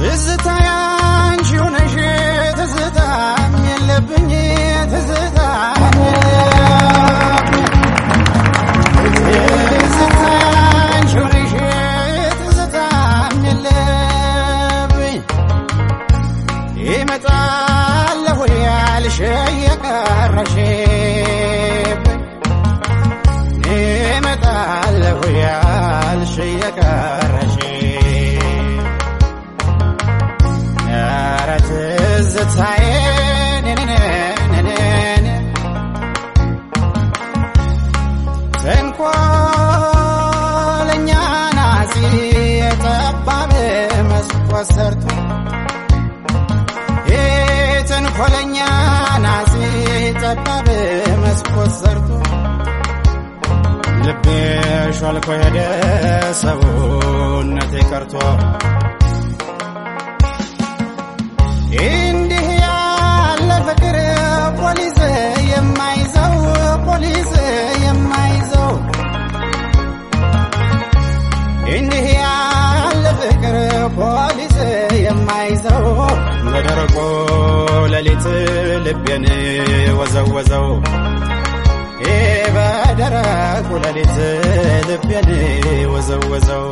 ትዝታ ያንቺው ነሽ ትዝታኝ የለብኝ ትዝታ ይመጣለሁ ያልሽ ያልሽ ተንኮለኛ ናዚ የጠባብ መስኮት ተንኮለኛ ናዚ የጠባብ መስኮት ሰርቶ ልቤ ሾልኮ ሄደ ሰውነቴ ቀርቶ ይዘው መደረቆ ሌሊት ልቤን ወዘወዘው በደረቁ ሌሊት ልቤን ወዘወዘው